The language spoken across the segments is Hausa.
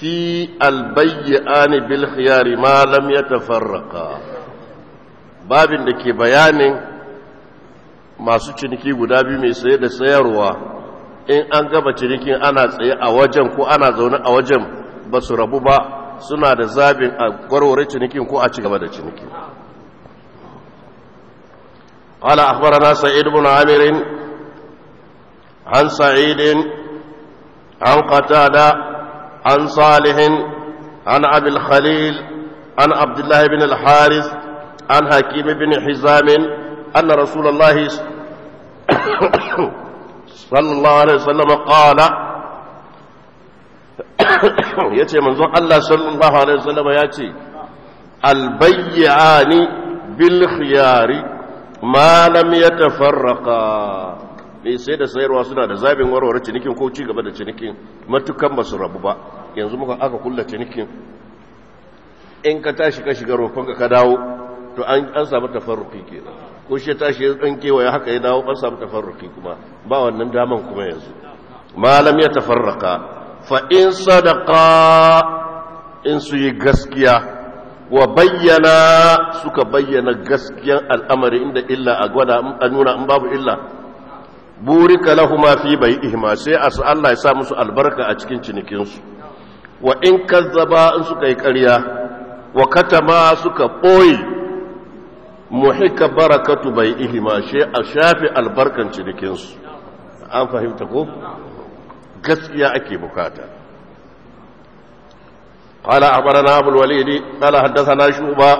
fi albayyani bil khiyari malam ya tafarraka babin da ke bayanin masu ciniki guda biyu mai saye da sayarwa in an gaba cinikin ana tsaye a wajen ko ana zaune a wajen ba su rabu ba suna da zabin a warware cinikin ko a ci gaba da cinikin قال أخبرنا سعيد بن عامر عن سعيد عن da. عن صالح عن أبي الخليل عن عبد الله بن الحارث عن حكيم بن حزام أن رسول الله صلى الله عليه وسلم قال يتي منظر الله صلى الله عليه وسلم يأتي البيعان بالخيار ما لم يتفرقا mai eh, sai da sayarwa suna da zabin warware cinikin ko ci gaba da cinikin matukan ba su rabu ba yanzu muka aka kulla cinikin in ka tashi ka shiga roƙon ka dawo to an samu tafarruki kenan ko shi tashi ya ɗan kewaye haka ya dawo an samu tafarruki kuma ba wannan daman kuma yanzu malam ya tafarraka fa in sadaqa in su yi gaskiya wa bayyana suka bayyana gaskiyan al'amari inda illa a an nuna an babu illa burika lahuma fi bai'ihima sai a Allah ya sa musu albarka a cikin cinikinsu wa in kazzaba in suka yi ƙarya wa katama suka ɓoye muhika barakatu bai'ihima sai a shafi albarkan cinikinsu an fahimta ko gaskiya ake bukata قال أخبرنا أبو الوليد قال حدثنا شعبة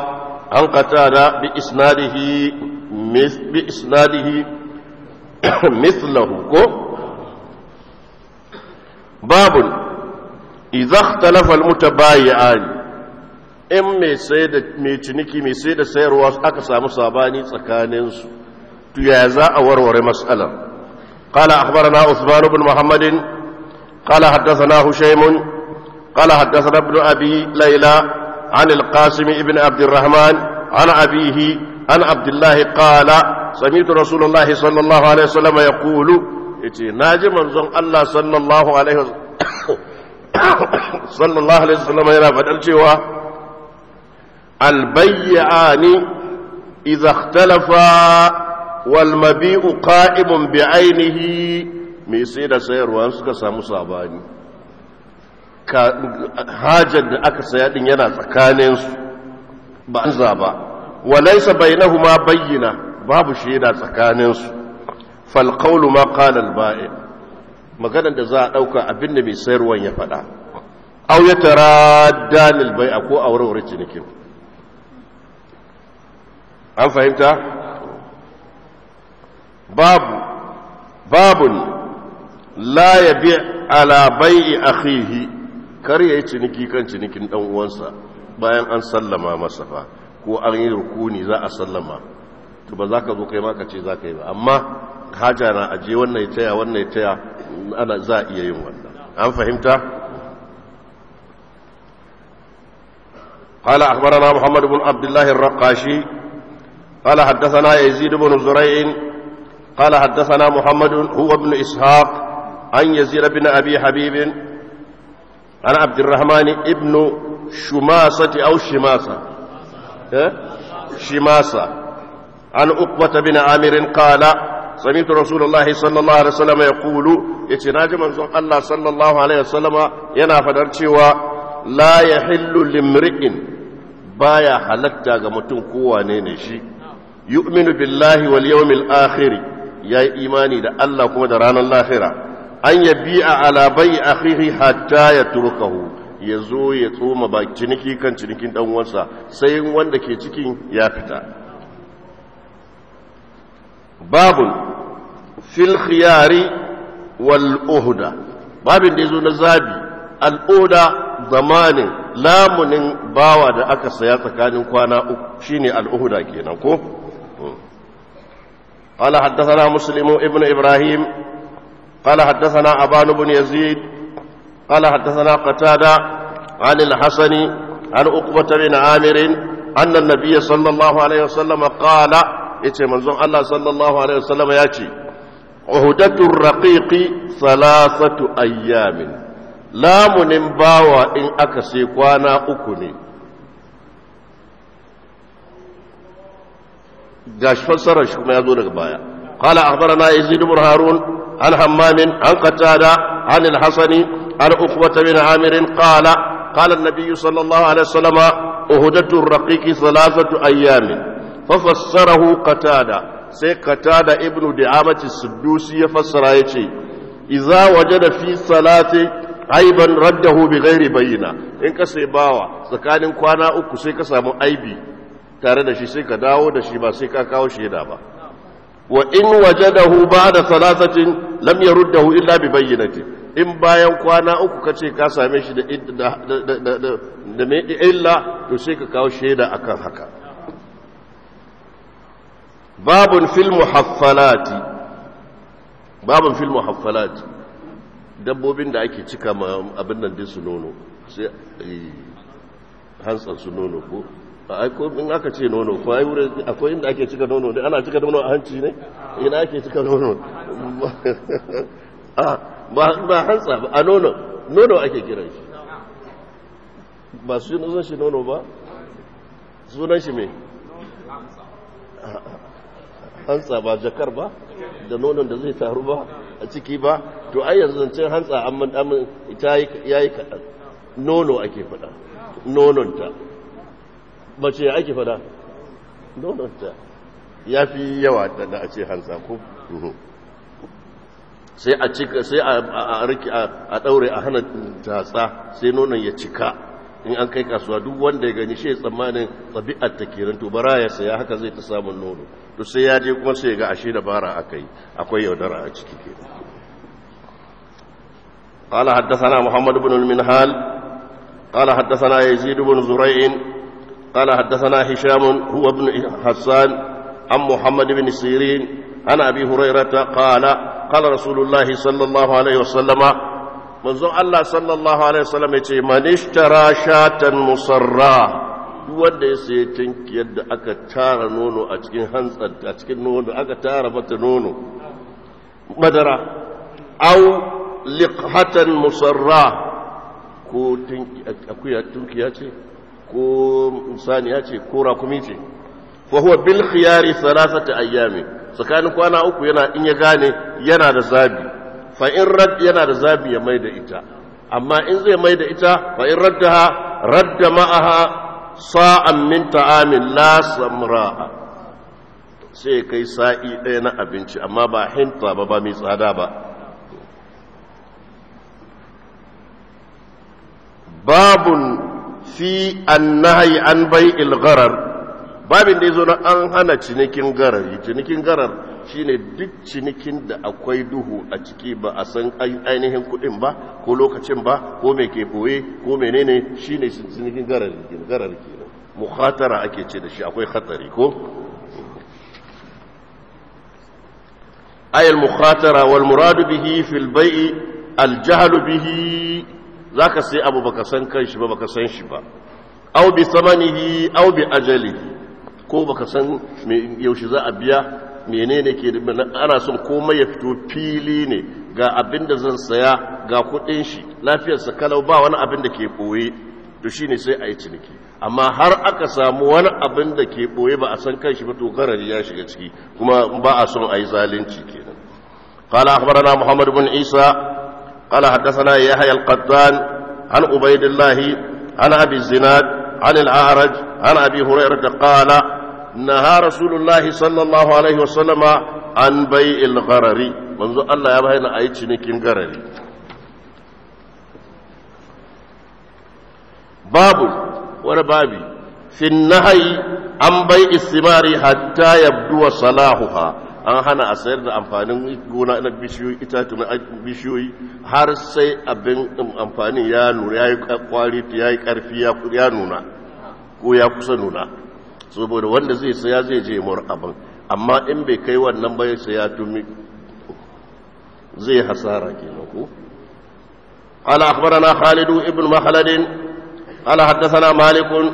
عن قتادة بإسناده بإسناده mislahu ko babun izaktalafal muta baya ani in mai sai da mai ciniki mai sai da sayarwa aka samu sabani tsakaninsu tuya za a warware matsalar kala akbar na usmanu bin muhammadin kala haddasa na hushaimun kala haddasa rabin abi laila an alkasimi ibn abdurrahman an abihi an abdullahi qala samitu rasulullahi sallallahu alaihi wasallam yaqulu yace naji manzon Allah sallallahu alaihi wasallam sallallahu alaihi wasallam yana fadar cewa albayyani idza ikhtalafa wal mabi'u qa'imun bi ainihi me sai da sayarwa suka samu sabani hajar da aka saya din yana tsakaninsu ba an zaba walaysa bainahuma bayyina babu shaida tsakanin su fal ma qala al ba'in maganar da za a dauka abin da mai sayarwan ya faɗa aw dalil al bai'a ko aurewar cinikin an fahimta babu babun la ya bi ala bai'i akhihi kar yayi ciniki kan cinikin ɗan uwansa bayan an sallama masa fa ko an yi rukuni za a sallama to ba za ka zo kai ma ka ce za ka yi ba amma haja na aje wannan ya taya wannan ya taya ana za a iya yin wannan an fahimta قال أخبرنا محمد بن عبد الله الرقاشي قال حدثنا يزيد بن زريع قال حدثنا محمد هو ابن إسحاق عن يزيد بن أبي حبيب عن عبد الرحمن ابن شماسة أو شماسة Eh? shi masa an uqbata bin amirin qala سمعت رسول الله صلى الله عليه وسلم يقول يتناجي منزون الله صلى الله عليه وسلم ينا فدر cewa لا يحل لامرئ بايا حلتا ga mutum kowane ne shi yu'minu billahi wal yawmil akhir yayi imani da Allah kuma da ranar lahira an yabi'a ala bai'i akhihi hatta yatrukahu ya zo ya tsoma ba ciniki kan cinikin dan sai wanda ke cikin ya fita babu filkiyari wal'uhuda wal babin da ya zo na zabi al'uda zamanin lamunin bawa da aka saya tsakanin kwana uku shine al uhda kenan ko قال حدثنا مسلم ابن إبراهيم haddasa na abanu بن yazid. قال حدثنا قتادة عن الحسن عن أقبة بن عامر أن النبي صلى الله عليه وسلم قال إتي زم الله صلى الله عليه وسلم يأتي عهدة الرقيق ثلاثة أيام لا من in إن sai kwana uku ne gashi fassarar shi kuma قال أخبرنا يزيد بن هارون عن حمام عن قتادة عن الحسن عن أخوة بن عامر قال قال النبي صلى الله salasatu ayyami. أهدة الرقيق ثلاثة أيام ففسره قتادة سي قتادة ابن دعامة السدوسي فسر يتي إذا وجد في صلاة aiban raddahu bi ghairi bayyina in ka sai bawa tsakanin kwana uku sai ka samu aibi tare da shi sai ka dawo da shi ba sai ka kawo shaida ba wa in wajadahu ba'da salasatin lam yaruddahu illa bi bayyinatin in bayan kwana uku ka ce ka same shi da illa to sai ka kawo shaida akan haka babun fil haffalati, babun fil haffalati, dabbobin da ake cika abin nan din nono sai eh, hantsan su nono ko in aka ce nono ko ai wurin akwai inda ake cika nono ana cika nono a hanci ne ina ake cika nono ah, ba hantsa ba a nono nono ake kiran shi ba su sunan shi nono ba sunan shi mai hantsa ba jakar ba da nonon da zai taru ba a ciki ba to ai yanzu zancen hantsa amma damin ita yayi kaɗan nono ake faɗa nononta mace ake faɗa nononta ya fi yawa da a ce hantsa ko mhm. sai a cika sai a riki a daure a hana tatsa sai nonon ya cika in an kai kasuwa duk wanda ya gani shi tsammanin tsabi'ar ta kenan to bara ya saya haka zai ta samun nono to sai ya je kuma sai ya ga ashe da bara akai akwai yaudara a ciki kenan قال حدثنا محمد بن المنهال قال حدثنا يزيد بن زريع قال حدثنا هشام هو ابن حسان عن محمد بن سيرين عن أبي هريرة قال قال رسول الله صلى الله عليه وسلم منذ الله صلى الله عليه وسلم يتي من اشترى wanda ya sayi tinki yadda aka tara nono a cikin hantsar a cikin nono aka tara mata nono madara au liqhatan musarra ko tinki akuya ce ko saniya ce ko rakumi ce fa huwa bil khiyari thalathata ayyamin tsakanin kwana uku yana in ya gane yana da zabi fa in rad yana da zabi ya mai da ita amma in zai mai da ita fa in raddaha radda ma'aha sa'an min ta'amin la samra'a sai kai sa'i ɗaya na abinci amma ba hinta ba ba mai tsada ba babun fi annahi an bai ilgharar babin da ya zo na an hana cinikin garar cinikin garar shi ne duk cinikin da akwai duhu a ciki ba a san ainihin kudin ba ko lokacin ba ko mai ke boye ko menene ne cinikin garar garar kenan mukhatara ake ce da shi akwai khatari ko ayal mukhatara wal muradu bihi fil bai'i al jahlu bihi zaka sai abu baka san kanshi ba baka san shi ba aw bi samanihi aw bi ajalihi ko baka san yaushe za a biya menene ke ana son komai ya fito fili ne ga abin da zan saya ga kudin shi lafiyarsa kalau ba wani abin da ke boye to shine sai a yi ciniki amma har aka samu wani abin da ke boye ba a san kan shi ba to garari ya shiga ciki kuma ba a son a yi zalunci kenan قال muhammad محمد بن عيسى قال حدثنا يحيى القطان عن عبيد الله عن أبي الزناد عن الأعرج عن أبي هريرة قال naha رسول sallallahu alaihi الله an bai عن بيع Allah ya الله a yi cinikin garari babu wani babi في النهي an bai istimari hatta يبدو صلاحها an hana a sayar da amfanin gona na bishiyoyi itatunan bishiyoyi har sai abin amfanin ya nuna ya yi kwari ya yi karfi ya nuna ko ya kusa nuna saboda wanda zai saya zai je mor abin amma in bai kai wannan bai saya tumi zai hasara ke ku ala akhbarana khalidu ibn mahladin ala haddathana malikun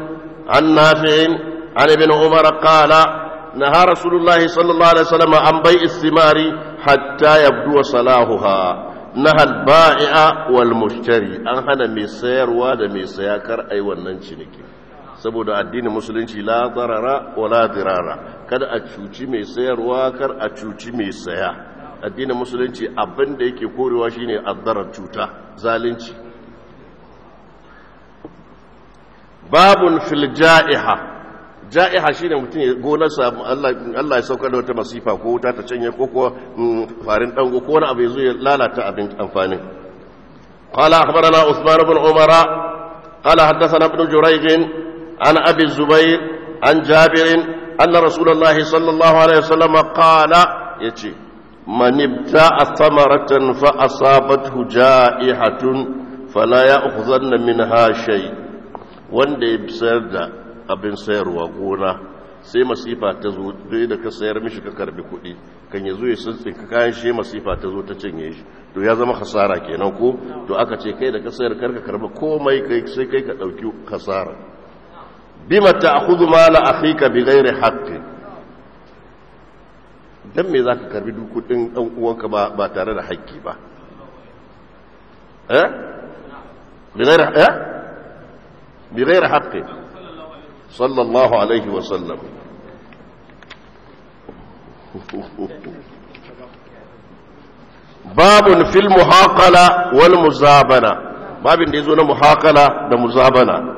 an nafi'in an ibn umar qala nahar rasulullahi sallallahu alaihi wasallam an bai'i simari hatta yabdu salahuha nahal al-ba'i'a wal mushtari an hana mai sayarwa da mai sayakar ai wannan ciniki saboda addinin musulunci la zarara wa la dirara kada a cuci mai sayarwa kar a cuci mai saya addinin musulunci abin da yake korewa shine azzarar cuta zalunci babun fil ja'iha ja'iha shine mutum sa Allah ya sauka da wata masifa ko wuta ta canye ko ko mm, farin dango ko wani abu ya zo ya lalata abin amfanin qala akhbarana usman ibn umara qala haddathana ibn jurayj عن أبي الزبير عن جابر أن رسول الله صلى الله عليه وسلم قال يتي من ابتاع ثمرة فأصابته جائحة فلا يأخذن منها شيء wanda ya sayar da abin sayarwa gona sai masifa ta zo dai da ka sayar mishi ka karbi kuɗi kan ya zo ya kayan shi masifa ta zo ta cinye shi to ya zama hasara kenan ko to aka ce kai da ka sayar karka karbi komai kai sai kai ka ɗauki hasara bima ta'khudhu mala akhika bighairi haqqi dan me zaka karbi dukudin dan uwanka ba tare da haƙƙi ba eh bighairi eh haƙƙi haqqi sallallahu alaihi wa sallam babun fil muhaqala wal muzabana babin da yazo na muhaqala da muzabana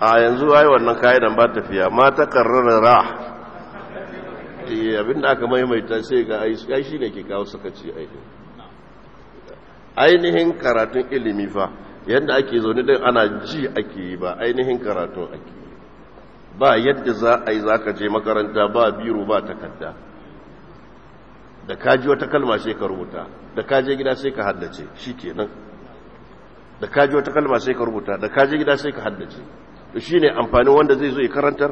a yanzu ai wannan kayan ba tafiya ma ta karrara ra eh, abinda aka maimaita sai ga ai shi ne ke kawo ce ainihin ainihin karatun ilimi fa yadda ake zaune din ana ji ake yi ba ainihin karatun ake yi ba yadda za a yi za ka je makaranta ba biro ba takarda da ka ji wata kalma sai ka rubuta da ka je gida sai ka haddace shi kenan da ka ji wata kalma sai ka rubuta da ka je gida sai ka haddace to ne amfanin wanda zai zo yi karantar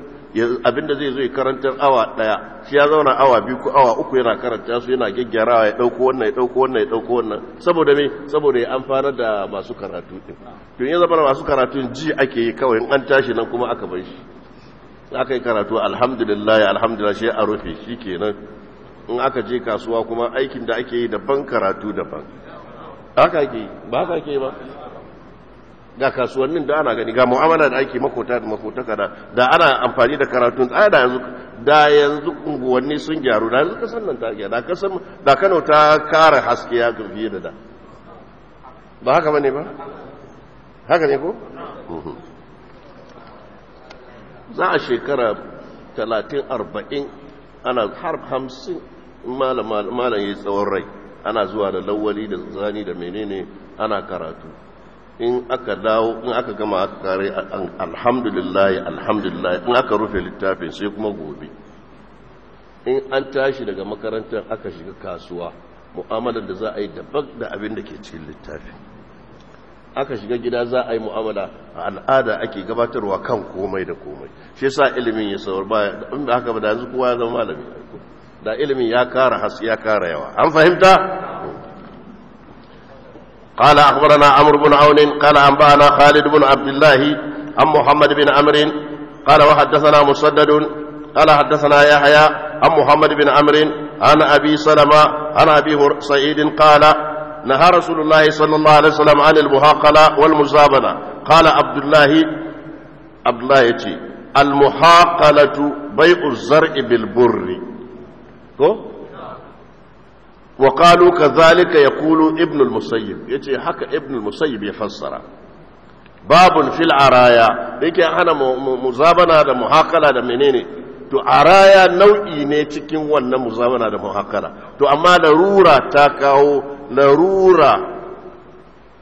abinda zai zo yi karantar awa daya shi ya zauna awa biyu ko awa uku yana karanta su yana gyaggyarawa ya dauko wannan ya dauko wannan ya dauko wannan saboda me saboda ya amfana da masu karatu din to ya zama masu karatu ji ake yi kawai in an tashi nan kuma aka bar shi aka yi karatu alhamdulillah alhamdulillah shi a rufe shikenan in aka je kasuwa kuma aikin da ake yi daban karatu daban haka ake ba haka ake ba ga kasuwannin da ana gani ga mu'amala da ake makota da makota kada da ana amfani da karatun da yanzu da yanzu unguwanni sun gyaru da yanzu kasan nan ta gyaru da kasan da Kano ta kare haske ya gafi da da ba haka bane ba haka ne ko mhm. za a shekara 30 40 ana har 50 malama malama yayi tsawon rai ana zuwa da lawali da zani da menene ana karatu in aka dawo in aka gama aka kare alhamdulillah alhamdulillah in aka rufe littafin sai kuma gobe in an tashi daga makarantar aka shiga kasuwa mu'amalar da za a yi daban da abin da ke cikin littafi aka shiga gida za a yi mu'amala a al'ada ake gabatarwa kan komai da komai shi sa ilimin ya saurar baya in da haka ba da yanzu kowa ya zama malami da ilimin ya kara has ya kara yawa an fahimta قال أخبرنا عمرو بن عون قال أنبأنا خالد بن عبد الله عن محمد بن عمرو قال وحدثنا مسدد قال حدثنا يحيى عن محمد بن عمرو عن أبي سلمة عن أبي سعيد قال نهى رسول الله صلى الله عليه وسلم عن المهاقلة والمزابنة قال عبد الله عبد الله يتي المحاقلة بيع الزرع بالبر wa qalu ya yaqulu ibn al-musayyib yace haka ibn al-musayyib ya fassara babun fil araya yake hana muzabana da muhakala da menene to araya nau'i ne cikin wannan muzabana da muhakala to amma larura ta kawo larura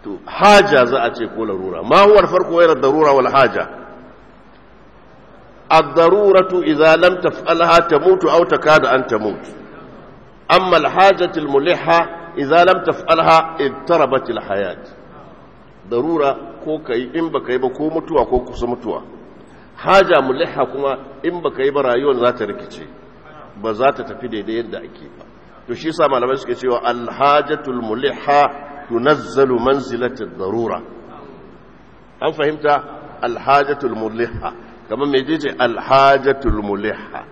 to haja za a ce ko larura ma huwa farko yana darura wal haja ad-daruratu idza lam taf'alha tamutu aw takadu an tamutu amma alhajatul muliha idza lam taf'alha ittarabatil hayat darura ko kai in baka yi ba ko mutuwa ko kusa mutuwa haja muliha kuma in baka yi ba rayuwar za ta rikice ba za ta tafi daidai yadda ake ba to shi yasa malamai suke cewa alhajatul muliha tunazzalu manzilatid darura an fahimta alhajatul muliha kamar mai yace alhajatul muliha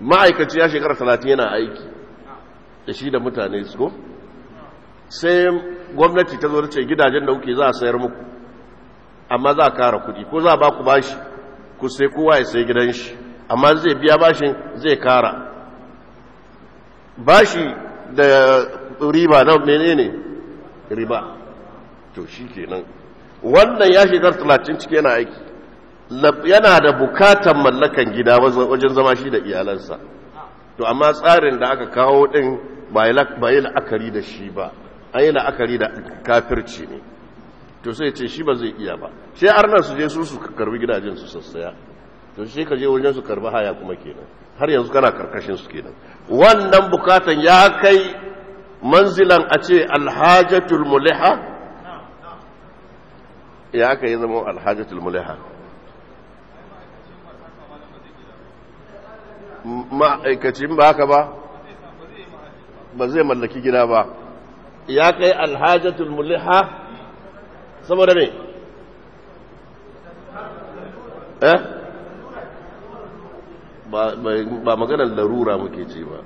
ma'aikaci shekara talatin yana aiki da shi da mutane su ko sai gwamnati ta zo da ce gidajen da kuke za a sayar muku amma za a kara kuɗi ko za a ba ku bashi ku sai kowa ya sai gidan shi amma zai biya bashin zai kara bashi da riba na menene riba to shi kenan wannan ya shekar talatin ciki yana aiki yana da bukatan mallakan gida wajen zama shi da iyalansa to amma tsarin da aka kawo din ba yi la'akari da shi ba an yi la'akari da kafirci ne to sai ce shi ba zai iya ba sai arna su je su su karbi gidajen su sassaya to shi ka je wajen su karbi haya kuma kenan har yanzu kana karkashin su kenan wannan bukatan ya kai manzilan a ce alhajatul muliha ya aka yi zama alhajatul muliha Ma'aikacin ba haka ba ba zai mallaki gida ba ya kai alhajatul muliha saboda ne eh ba maganar larura muke ce ba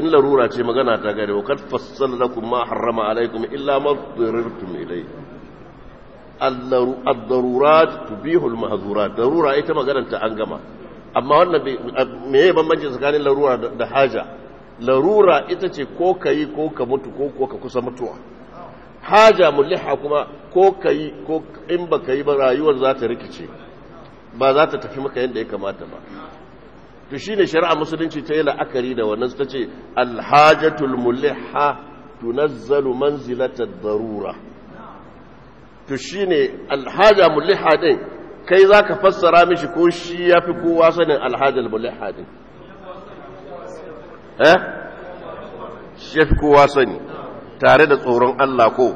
in larura ce magana ta gare wa kad fassala kuma harama alaikum illa ma dhirirtum ilayhi al-darurat tubihu darura ita maganar ta an gama amma wannan me ya bambanci tsakanin larura da haja larura ita ce ko ka yi ko ka mutu ko ka kusa mutuwa haja muliha kuma ko ka yi ko in ba ka yi ba rayuwar za ta rikice ba za ta tafi maka yadda ya kamata ba to shi ne shari'a musulunci ta yi la'akari da wannan ta ce alhajatul muliha tunazzalu manzilatar darura to shi ne alhaja muliha din kai za ka fassara mishi ko shi ya fi kowa sanin alhajjal eh shi ya fi kowa sani tare da tsoron Allah ko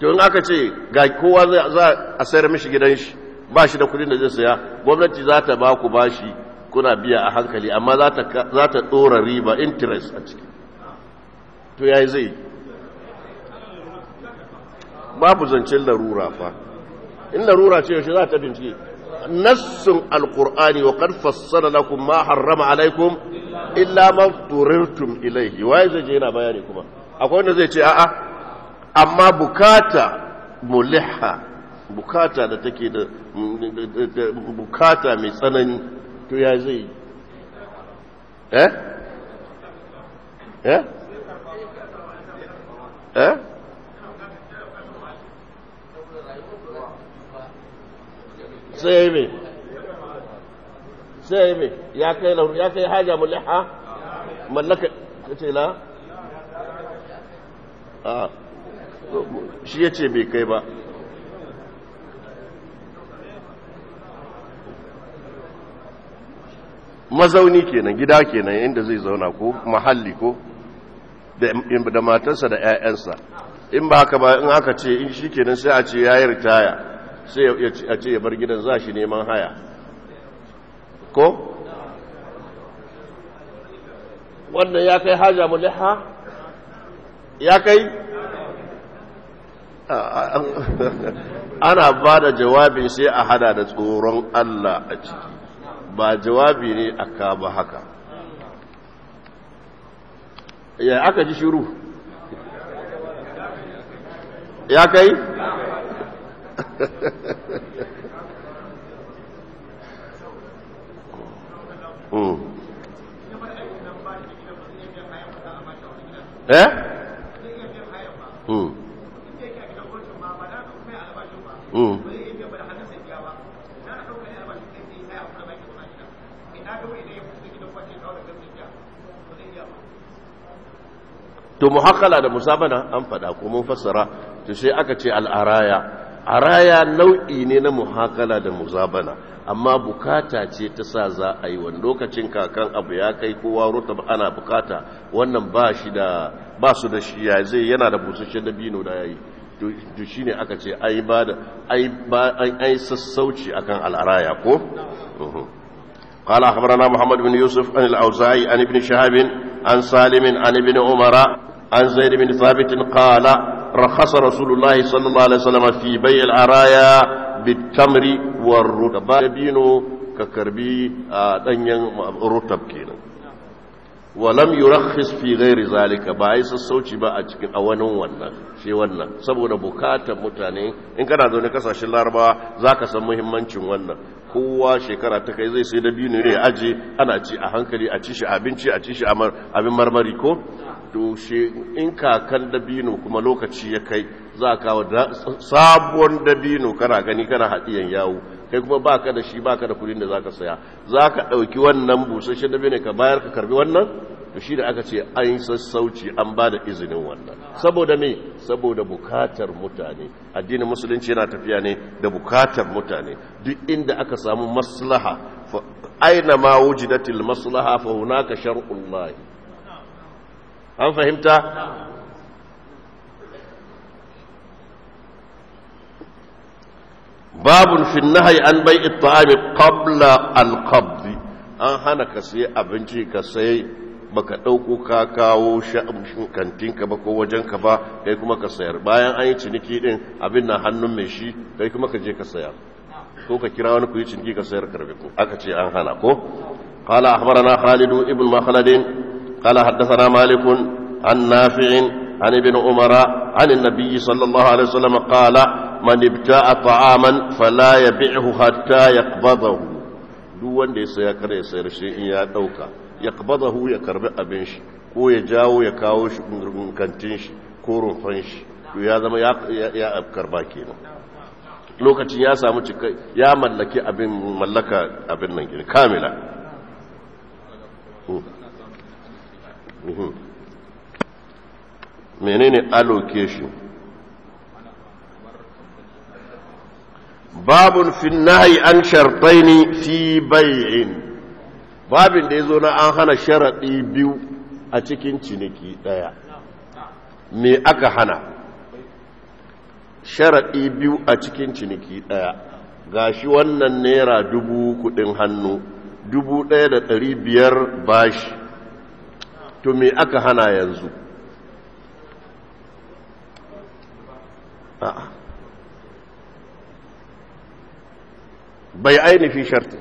in aka ce ga kowa za a sayar mishi gidan shi ba shi da kudin da zai saya gwamnati za ta ba ku bashi kuna biya a hankali amma za ta ɗora riba interest a ciki to ya yi zai babu zancen larura fa in larura ce yaushe za ta bincike nassun alqur'ani wa qad fassala lakum ma harrama alaikum illa ma turirtum ilayhi wai zai je yana bayani kuma akwai wanda zai ce a'a amma bukata muliha bukata da take da bukata mai tsanani to ya zai eh eh eh sai sai ya kai lauru ya kai haja mulaha mallaka ce la a shi ya ce bai kai ba mazauni kenan gida kenan inda zai zauna ko mahalli ko da matarsa da 'ya'yansa in ba haka ba in haka ce in shi kenan sai a ce ya yi ritaya sai a ce ya bar gidan za shi neman haya ko? wannan ya kai haja muliha ya kai ana ba da jawabin sai a hada da tsoron Allah a ciki ba jawabi ne a ka ba haka ya aka ji shiru ya kai? to eh? hmm. hmm. to muhakkala da musabana an faɗa ko mun fassara to sai aka ce al'araya Araya nau'i ne na muhakala da muzabana amma bukata ce ta sa za a yi wani lokacin kakan abu ya kai kowa ruta ana bukata wannan ba shi da ba su da shi ya zai yana da busasshen da bino da yi to shi ne aka ce ai ba da ai sassauci akan al'araya ko قال أخبرنا محمد بن يوسف عن الأوزاعي عن ابن شهاب عن سالم عن ابن عمر عن زيد بن ثابت قال رخص رسول الله صلى الله عليه وسلم في بيع العرايا بالتمر والرطب دبينو ككربي دنيان رطب كينا ولم يرخص في غير ذلك بايس السوچي با a cikin a wannan shi wannan saboda bukatar mutane in kana zaune kasashen larabawa zaka san muhimmancin wannan kowa shekara ta kai zai sai da biyu ya aje ana ci a hankali a ci shi abinci a ci shi abin marmari ko doshe in kakan dabino kuma lokaci ya kai za ka kawo sabuwar dabino kana gani kana haɗiyan yawo kai kuma ba ka da shi ba ka da kudin da za ka saya za ka ɗauki wannan busasshen dabino ka bayar ka karbi wannan to shi da aka ce an sassauci an ba da izinin wannan saboda me saboda bukatar mutane addinin musulunci yana tafiya ne da bukatar mutane duk inda aka samu maslaha aina ma wujidatil maslaha fa hunaka shar'ullahi an fahimta babun fi nahyi an bai ta'ami qabla al-qabd an hana ka sai abinci ka sai baka dauko ka kawo sha'amshin ka ba ko wajen ka ba kai kuma ka sayar bayan an yi ciniki din abin na hannun mai shi kai kuma ka je ka saya ko ka kira wani ku yi ciniki ka sayar karbe ko aka ce an hana ko qala akhbarana khalidu ibn mahladin قال حدثنا مالك عن نافع عن ابن عمر عن النبي صلى الله عليه وسلم قال من ابتاع طعاما فلا يبيعه حتى يقبضه duk wanda ya saya kar ya sayar shi ya ɗauka ya qabadahu ya karbi abin shi ko ya jawo ya kawo shi kantin shi ko rumfan shi to ya zama ya ya karba kenan lokacin ya samu cikai ya mallaki abin mallaka abin nan gina kamila Mhm. menene allocation babun fi nahi an shartaini fi bai'in babin da ya zo na an hana sharaɗi biyu a cikin ciniki ɗaya me aka hana sharaɗi biyu a cikin ciniki ɗaya gashi wannan naira dubu kuɗin hannu dubu ɗaya da ɗari biyar bashi to me aka hana yanzu bai ainihin sharti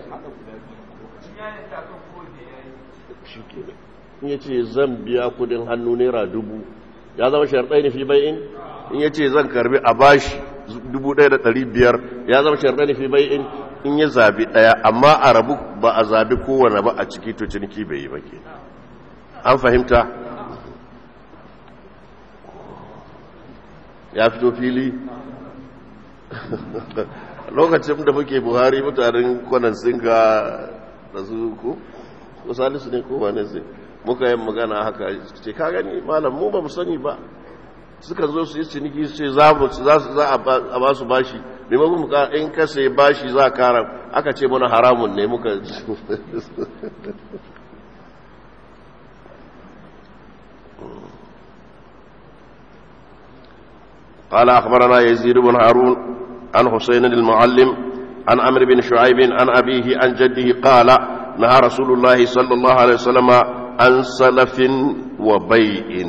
in ya ce zan biya kudin hannu naira dubu ya zama sharɗai nufi bai'in in ya ce zan karbi a bashi dubu ɗaya da ɗari biyar ya zama sharɗai fi bai'in in ya zabi ɗaya amma a rabu ba a zabi kowane ba a ciki to ciniki bai yi ba ke an fahimta ya fito fili lokacin da muke buhari mutanen kwanan singa da su ko salisu ne ko wane zai muka yin magana haka ce ka gani malam mu ba mu sani ba suka zo su yi ciniki su ce za a ba su bashi maimakon muka in kasa bashi za a kara aka ce mana haramun ne muka قال أخبرنا يزيد بن هارون عن حسين المعلم عن عمرو بن شعيب عن أبيه عن جده قال نهى رسول الله صلى الله عليه وسلم عن سلف وبيع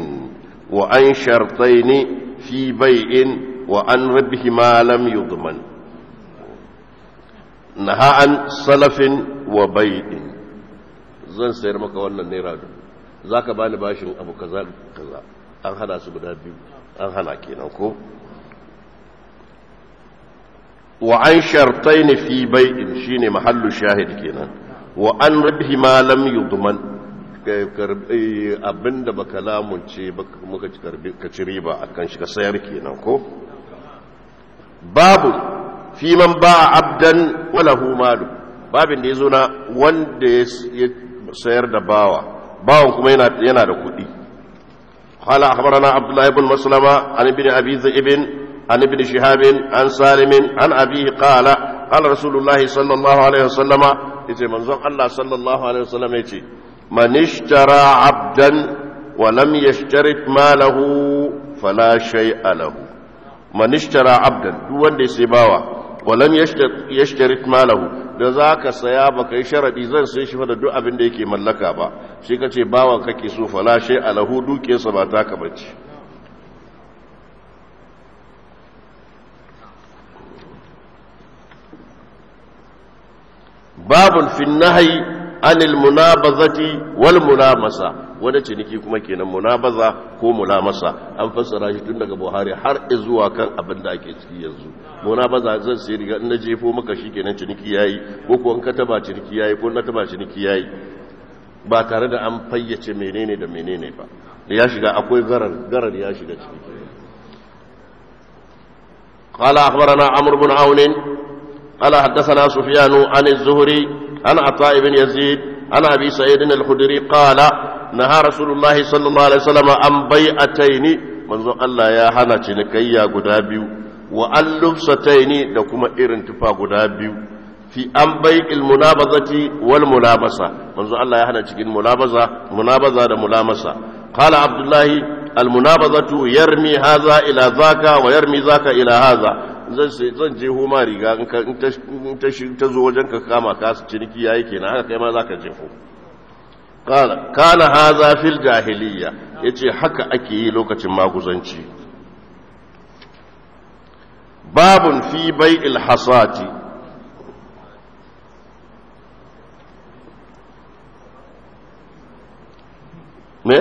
وعن شرطين في بيع وعن ربه ما لم يضمن نهى عن سلف وبيع zan sayar maka wannan naira za ka bani bashin abu kaza kaza an hada su guda biyu an hana kenan ko wa an shartaini fi bai'in shine mahallu shahid kenan wa an rabhi ma lam yudman abinda baka ba muka ka ci riba akan shi ka sayar kenan ko babu fi man ba abdan walahu malu babin da yazo na wanda ya sayar da bawa bawan kuma yana yana da kuɗi قال أخبرنا عبد الله بن مسلمة عن ابن أبي ذئب عن ابن شهاب عن سالم عن أبيه قال قال رسول الله صلى الله عليه وسلم إذا منزق الله صلى الله عليه وسلم يتي من اشترى عبدا ولم يشترط ماله فلا شيء له من اشترى عبدا دون دي سباوة ولم يشترط ماله da za ka saya ba ka yi sharaɗi zan sai shi fada duk abin da yake mallaka ba shi ka ce bawan kake so falashe alahu dukiyarsa ba ta bace babun fin nahayi anil munabazati wal mulamasa wanda ciniki kuma kenan munabaza ko mulamasa an fassara shi tun daga buhari har zuwa kan abin da ake ciki yanzu munabaza zan sai riga na jefo maka shi kenan ciniki yayi ko ko an kataba ciniki yayi ko na taba ciniki yayi ba tare da an fayyace menene da menene ba ya shiga akwai garar garar ya shiga ciki qala akhbarana amr bin aunin قال حدثنا سفيان عن الزهري عن عطاء بن يزيد عن أبي سعيد الخدري قال نهى رسول الله صلى الله عليه وسلم عن بيعتين منذ الله يا هنا تنكيا قدابيو وأن لبستين دكما إرن تفا قدابيو في أن بيع المنابذة والملابسة منذ الله يا هنا تنكين ملابسة منابذة وملامسة قال عبد الله المنابذة يرمي هذا إلى ذاك ويرمي ذاك إلى هذا zan je ma riga in ta zo wajen ka kama su ciniki yayi kenan haka kai ma za ka jefo kana haza fil jahiliya ya ce haka ake yi lokacin maguzanci babun fi bai ilhasati me?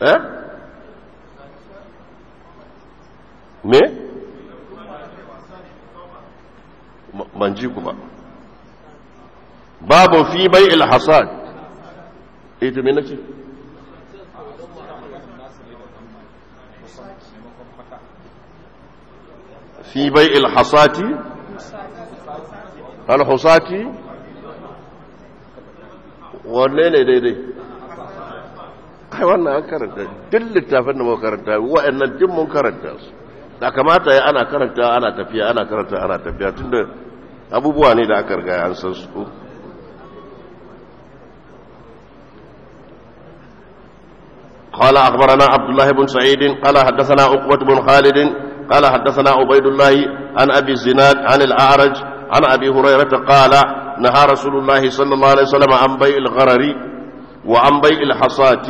eh? me ban ji ku ba babu fi bai ilhasad ita eh, me nace fi bai ilhasati alhusati wanne ne daidai kai wannan an karanta duk littafin da muka karanta wa'annan duk mun karanta su da kamata ya ana karanta ana tafiya ana karanta ana tafiya tunda abubuwa ne da aka riga an san su قال أخبرنا عبد الله بن سعيد قال حدثنا عقبة بن خالد قال حدثنا عبيد الله عن أبي الزناد عن الأعرج عن أبي هريرة قال نهى رسول الله صلى الله عليه وسلم عن بيع الغرر وعن بيع الحصاة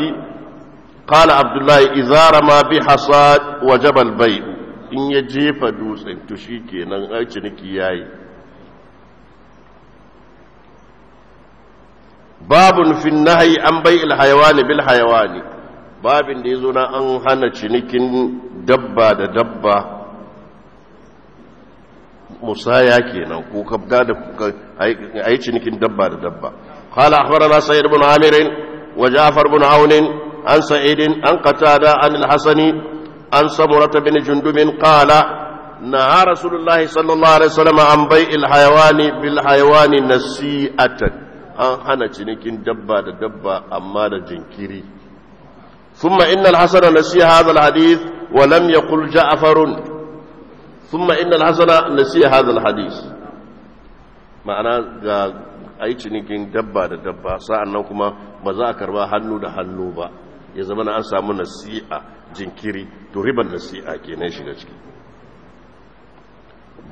قال عبد الله إذا رمى بحصاة وجب البيع in ya jefa dutsen to shi kenan a ciniki ya yi babun fin nahayi an bai ne bil ne. babin da ya zo na an hana cinikin dabba da dabba musaya kenan ko kabda da a yi cinikin dabba da dabba kala na sayar bin amir wa ja'far bin aun an Sa'idin, an Katada, an al an samura ta bin jundumin kala na ha rasulullah sallallahu alaihi wasallam an bai il hayawani bil hayawani nasi'atan an hana cinikin dabba da dabba amma da jinkiri ثم ان الحسن نسي هذا الحديث ولم يقل جعفر ثم ان الحسن نسي هذا الحديث معنى اي cinikin dabba da dabba sa'annan kuma ba za a karba hannu da hannu ba ya zama na an samu nasi'a jinkiri to riban nasi'a kenan shiga ciki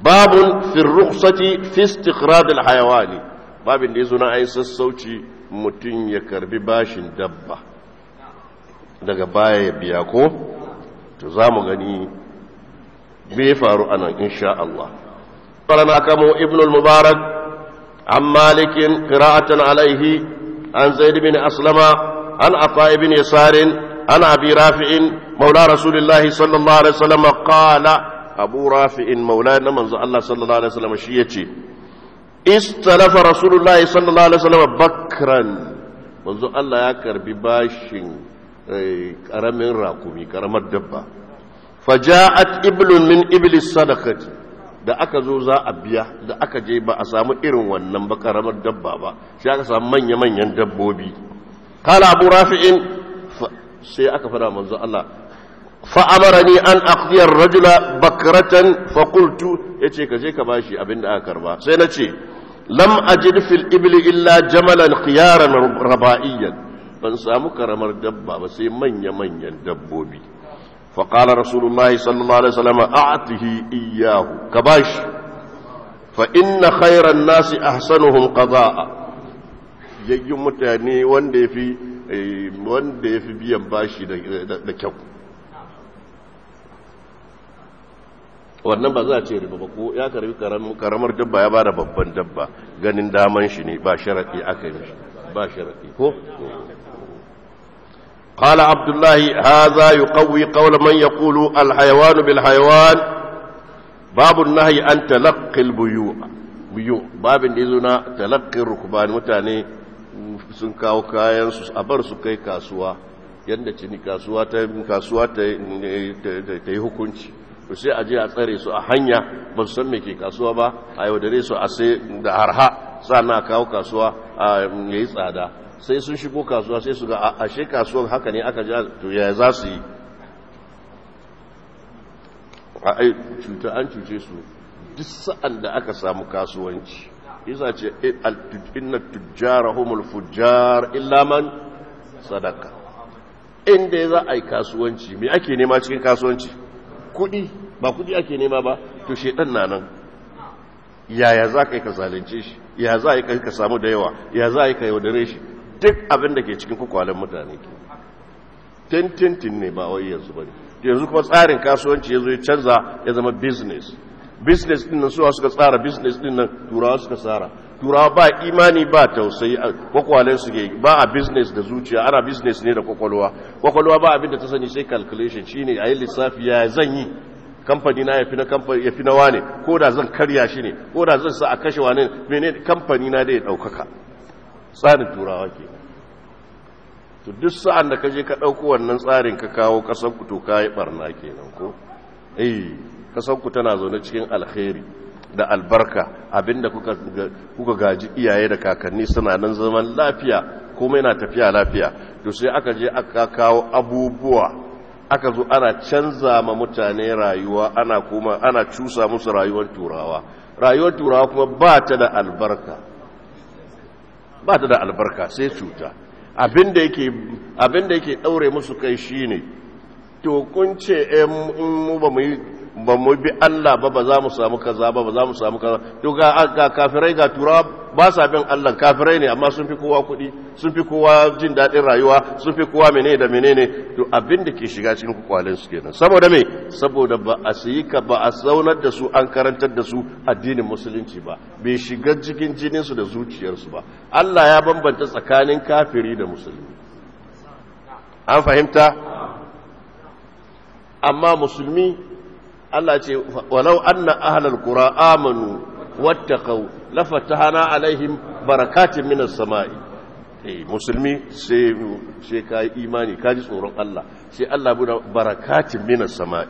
babun fi rukhsati fi ne. al hayawani babin da yazo na ayi sassauci mutum ya karbi bashin dabba daga baya ya biya ko to zamu gani me faru anan insha Allah qala akamu ibn mubarak an malikin qira'atan alaihi an zaid bin aslama عن عطاء بن يسار عن أبي رافع مولى رسول الله صلى الله عليه وسلم قال أبو رافع مولى من الله صلى الله عليه وسلم شيئتي استلف رسول الله صلى الله عليه وسلم بكرا manzo الله يكر بباش كرم karamin كرم الدبا فجاءت إبل من إبل الصدقة da aka zo za a biya da aka je ba a samu irin wannan ba karamar dabba ba shi aka samu manya-manyan dabbobi kala abu rafi'in sai aka fara manzo Allah fa amarani an aqdi ar-rajula bakratan fa qultu yace ka je ka bashi abinda aka karba sai nace lam ajid fil ibli illa jamalan khiyaran rabaiyan ban samu karamar dabba ba sai manya manyan dabbobi fa qala rasulullahi sallallahu alaihi wasallam a'tihi iyyahu ka bashi fa inna khayran nasi ahsanuhum qada'a yayyun mutane wanda ya fi eh, wanda ya fi biyan bashi da kyau wannan ba za a ce riba ba ko ya karbi karamar dabba ya ba da babban dabba ganin daman shi ne ba sharaɗi aka yi shi ba sharaɗi ko قال عبد الله هذا يقوي قول من يقول الحيوان بالحيوان باب النهي أن تلقي البيوع biyu babin da ya zo na mutane sun kawo kayansu a bar su kai kasuwa yadda cini kasuwa ta kasuwa ta yi hukunci to sai a a tsare su a hanya ba su san me ke kasuwa ba a yaudare su a sai da harha sana kawo kasuwa a yayi tsada sai sun shigo kasuwa sai su ga a ashe kasuwan haka ne aka ja to ya za su yi a ai cuta an cuce su duk sa'an da aka samu kasuwanci yasa ce eh, inna tujjara humul fujjar illa man sadaka inda za a yi kasuwanci me ake nema cikin kasuwanci kudi ba kudi ake nema ba to shedan na nan yaya za ka yi ka zalunce shi ya za a yi ka samu da yawa ya za a yi ka yaudare shi duk abin da ke cikin kwakwalen mutane ke tintintin ne ba wai yanzu ba ne, yanzu kuma tsarin kasuwanci ya zo ya canza ya zama business business din nan suwa suka tsara business din nan turawa suka tsara turawa ba imani ba tausayi kwakwalen su ba a business da zuciya ana business ne da kwakwalwa kwakwalwa ba abin da ta sani sai calculation shine a yi lissafi ya zan yi kamfani na fi na kamfani fi na wane ko da zan karya shi ne ko da zan sa a kashe wane mene kamfani na dai ya daukaka tsarin turawa ke to duk sa'an da ka je ka dauko wannan tsarin ka kawo kasar ku to kai barna kenan ko eh kasanku tana zaune cikin alheri da albarka abinda kuka gaji iyaye da kakanni suna nan zaman lafiya komai na tafiya lafiya to sai aka je aka kawo abubuwa aka zo ana canza ma mutane rayuwa ana kuma ana cusa musu rayuwar turawa rayuwar turawa kuma ba ta da albarka ba ta da albarka sai cuta abinda yake abinda yake daure musu kai shine to kun ce eh, in mu ba mu yi ba mu bi Allah ba ba za mu samu kaza ba ba za mu samu kaza to ga kafirai ga turawa ba sa bin Allah kafirai ne amma sun fi kowa kuɗi sun fi kowa jin daɗin rayuwa sun fi kowa menene da menene to abin da ke shiga cikin kwalin su kenan saboda me saboda ba a sayi ka ba a zaunar da su an karantar da su addinin musulunci ba bai shiga cikin jinin su da zuciyarsu ba Allah ya bambanta tsakanin kafiri da musulmi an fahimta amma musulmi Allah ce walau anna ahlal qura amanu wattaqau lafatahana alaihim barakatin minas sama'i eh musulmi sai sai kai imani ka ji tsoron Allah sai Allah buna barakatin minas sama'i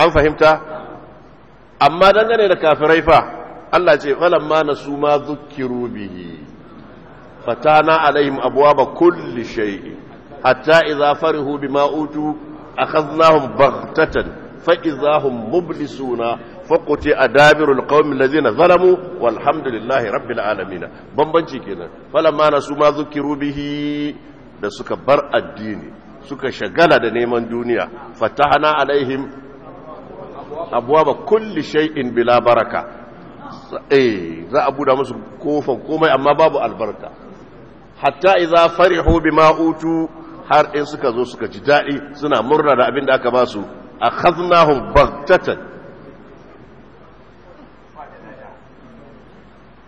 an fahimta amma dangane da kafirai fa Allah ce falamma nasu ma zukkiru bihi fatana alaihim abwaaba kulli shay'in hatta idza farihu bima utu أخذناهم بغتة فإذا هم مبلسون فقطع دابر القوم الذين ظلموا والحمد لله رب العالمين بمبنشي كنا فلما نسوا ما ذكروا به da suka bar addini suka shagala da neman duniya fatahna alaihim abuwa kulli shay'in bila baraka eh za a buda musu kofan komai amma babu albarka hatta idza farihu bima utu har in suka zo suka ji daɗi suna murna da abin da aka ba su a baghtatan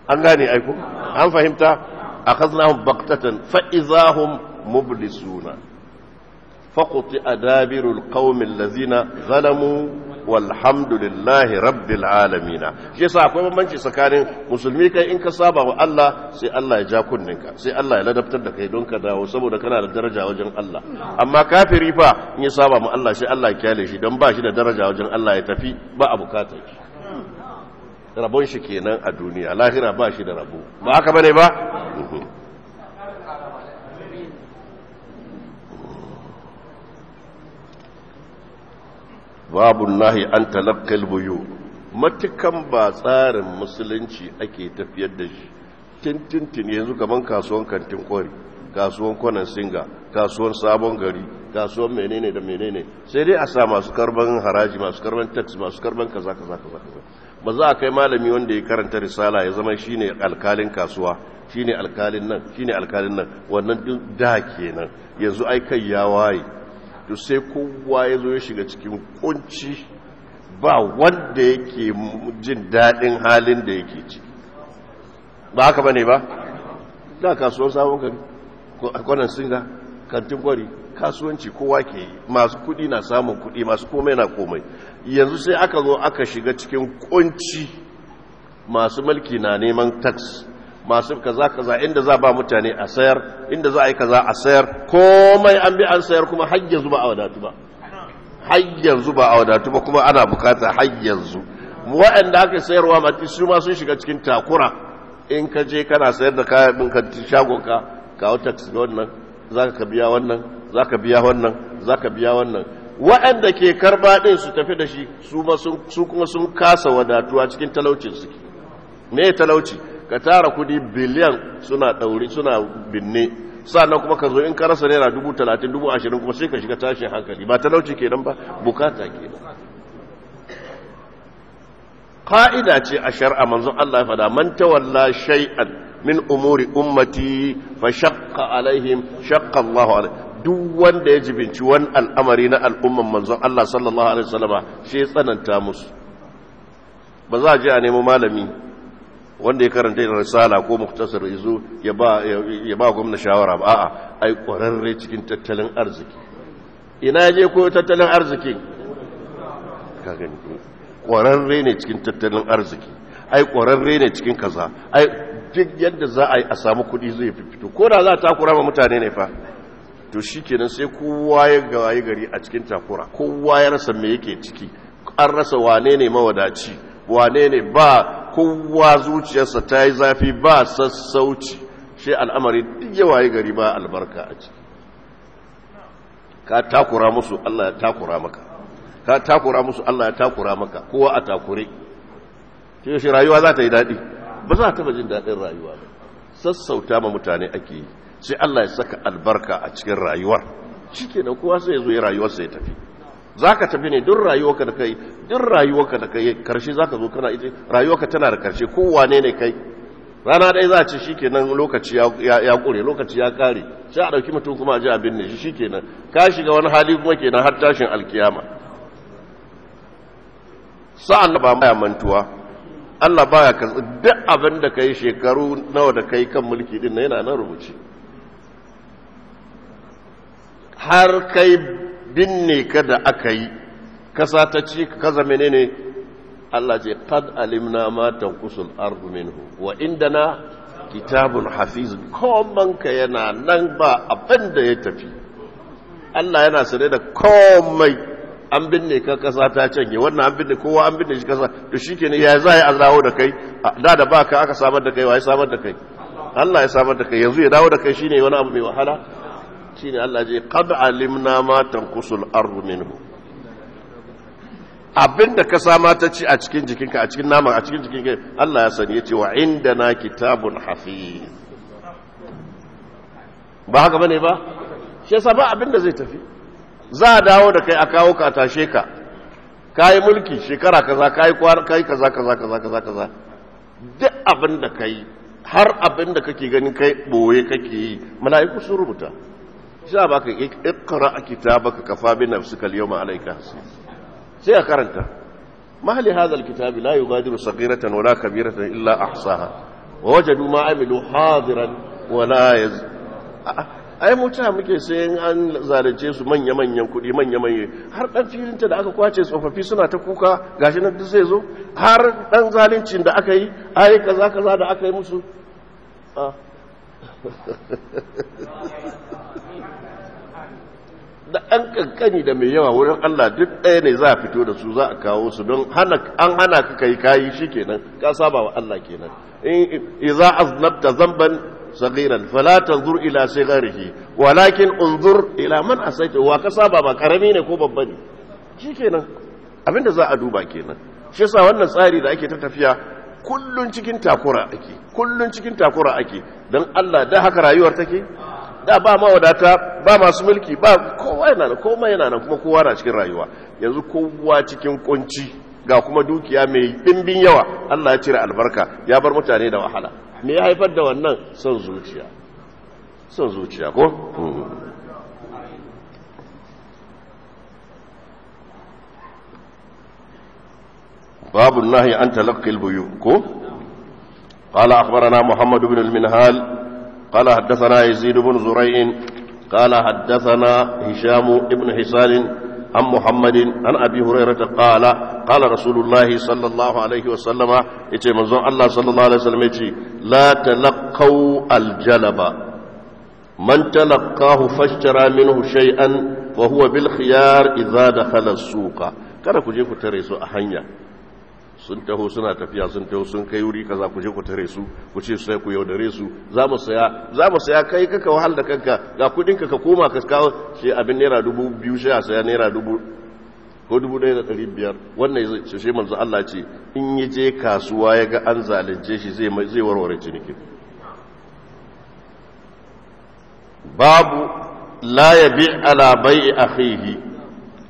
an gane aiku an fahimta a khaznahum baghtatan fa izahum mublisuna a adabirul qaumil lazina zalamu walhamdulillahi rabbil alamina shi yasa akwai bambanci tsakanin musulmi kai in ka saba wa Allah sai Allah ya ja kunninka sai Allah ya ladabtar da kai don ka dawo saboda kana da daraja wajen Allah amma kafiri fa in ya saba mu Allah sai Allah ya kyale shi don ba shi da daraja wajen Allah ya tafi ba a bukatar shi rabon shi kenan a duniya lahira ba shi da rabo ba haka bane ba babu nahi an talakkal buyu matukan ba tsarin musulunci ake tafiyar da shi tintintin yanzu kaman kasuwan kantin kori kasuwan kwanan singa kasuwan sabon gari kasuwan menene da menene sai dai a sa masu karban haraji masu karban tax masu karban kaza kaza kaza kaza ba za a kai malami wanda ya karanta risala ya zama shine alkalin kasuwa shine alkalin nan shine alkalin nan wannan duk da kenan yanzu ai kai ya waye to sai kowa ya zo ya shiga cikin kunci ba wanda yake jin daɗin halin da yake ci ba haka ba ne ba da kasuwar sabon gari kwanan singa kantin kwari. kasuwanci kowa ke yi masu kudi na samun kudi masu komai na komai yanzu sai aka zo aka shiga cikin kunci masu mulki na neman taxi masu kaza kaza inda za ba mutane a sayar inda za a yi kaza a sayar komai an bi an sayar kuma har yanzu ba a wadatu ba har yanzu ba a wadatu ba kuma ana bukata har yanzu wa'anda aka sayarwa mati su ma sun shiga cikin takura in ka je kana sayar da kayan ɗinka shagonka kawo tax da wannan za ka biya wannan za ka biya wannan za ka biya wannan waɗanda ke karba din su tafi da shi su kuma sun kasa wadatuwa cikin talaucin suke me talauci ka tara kudi biliyan suna dauri suna binne sannan kuma ka zo in ka rasa naira dubu talatin dubu ashirin kuma sai ka shiga tashin hankali ba talauci kenan ba bukata kenan ka'ida ce a shar'a manzo Allah ya fada man tawalla shay'an min umuri ummati fa shaqqa alaihim shaqqa Allah alaihi duk wanda ya jibinci wani al'amari na al'umman manzon Allah sallallahu alaihi wasallama shi tsananta musu ba za a je a nemo malami wanda ya karanta risala ko muktasar izo ya ba ya ba gwamna shawara ba a'a ai kwararre cikin tattalin arziki ina je ko tattalin arziki ka gani kwararre ne cikin tattalin arziki ai kwararre ne cikin kaza ai duk yadda za a yi a samu kuɗi zai fito ko da za ta kura ma mutane ne fa to shikenan sai kowa ya gawayi gari a cikin takura kowa ya rasa me yake ciki an rasa wane ne mawadaci wane ne ba kowa zuciyarsa ta yi zafi ba sassauci shi al'amari duk yawaye gari ba albarka a ciki ka takura musu Allah ya takura maka ka takura musu Allah ya takura maka kowa a takure ke shi rayuwa za ta yi daɗi ba za ta jin daɗin rayuwa ba sassauta ma mutane ake yi sai Allah ya saka albarka a cikin rayuwar shi kenan kowa sai ya zo ya rayuwarsa ya tafi Za ka tafi ne duk rayuwarka da kai duk rayuwarka da kai karshe ka zo kana ita rayuwarka tana da karshe kowa ne kai rana ɗaya za a ce kenan lokaci ya ƙure lokaci ya ƙare sai a ɗauki mutum kuma a ji abin ne shi kenan ka shiga wani hali kuma kenan har tashin alkiyama sa'an ba maya mantuwa Allah baya ka duk abin da kai shekaru nawa da kai kan mulki din na, yana nan rubuci. har kai binne ka da aka yi kasa ta ci ka zama ne Allah ce qad alimna ma tanqusul ardu minhu wa indana kitabun hafiz koman ka yana nan ba abin da ya tafi Allah yana sare da komai an binne ka kasa ta canje wannan an binne kowa an binne shi kasa to shikenan ya za ya dawo da kai da da baka aka samar da kai wai samar da kai Allah ya samar da kai yanzu ya dawo da kai shine wani abu mai wahala shine Allah je qad alimna ma tanqusul ardu minhu abinda ka sa mata ci a cikin jikinka a cikin nama a cikin jikinka Allah ya sani yace wa indana kitabun hafiz ba haka bane ba shi yasa ba abinda zai tafi za a dawo da kai a kawo ka tashe ka kai mulki shekara kaza kai kwar kai kaza kaza kaza kaza kaza duk abinda kai har abinda kake ganin kai boye kake yi mala'iku sun rubuta shi za baka kita kitabaka kafa bi nafsika al alaika alayka sai a karanta mahali hadha kita kitab la yughadiru saghiratan wala kabiratan illa ahsaha wa wajadu ma amilu hadiran wala yaz ai mota muke sai an zalunce su manya-manyan kudi manya-manya har dan filinta da aka kwace tsofaffi suna ta kuka gashi nan duk zai zo har dan zaluncin da aka yi ai kaza kaza da aka yi musu ah. da ɗan kankani da mai yawa wurin Allah duk ɗaya ne za a fito da su za a kawo su don an hana ka kai kayi shi kenan ka saba wa Allah kenan in iza aznabta zamban tanzur ila sigarihi Walakin unzur ila man asaita wa ka saba ba karami ne ko babba ne Abin da za a duba kenan shi yasa wannan tsari da ake ta tafiya kullun cikin takura ake kullun cikin takura ake dan Allah da haka rayuwar take da ba wadata ba masu mulki ba kowa yana nan kowa yana nan kuma kowa na cikin rayuwa yanzu kowa cikin kunci ga kuma dukiya mai bimbin yawa Allah ya cire albarka ya bar mutane da wahala me ya haifar da wannan son zuciya son zuciya ko hmm. Babu nahi an عن تلقي ko قال أخبرنا محمد بن المنهال قال حدثنا يزيد بن زريع قال حدثنا هشام بن حسان عن محمد عن أبي هريرة قال قال رسول الله صلى الله عليه وسلم يتي منظر الله صلى الله عليه وسلم يتي لا تلقوا الجلب من تلقاه فاشترى منه شيئا وهو بالخيار إذا دخل السوق kada ku je ku tare su a hanya sun taho suna tafiya sun taho sun kai wuri kaza ku je ku tare su ku ce sai ku yaudare su za mu saya za mu saya kai kaka wahal da kanka ga kudin ka ka koma ka kawo shi abin naira dubu biyu sai a saya naira dubu ko dubu ɗaya da ɗari biyar wannan ya shi manzo Allah ce in ya je kasuwa ya ga an zalunce shi zai zai warware cinikin babu la yabi ala bai'i akhihi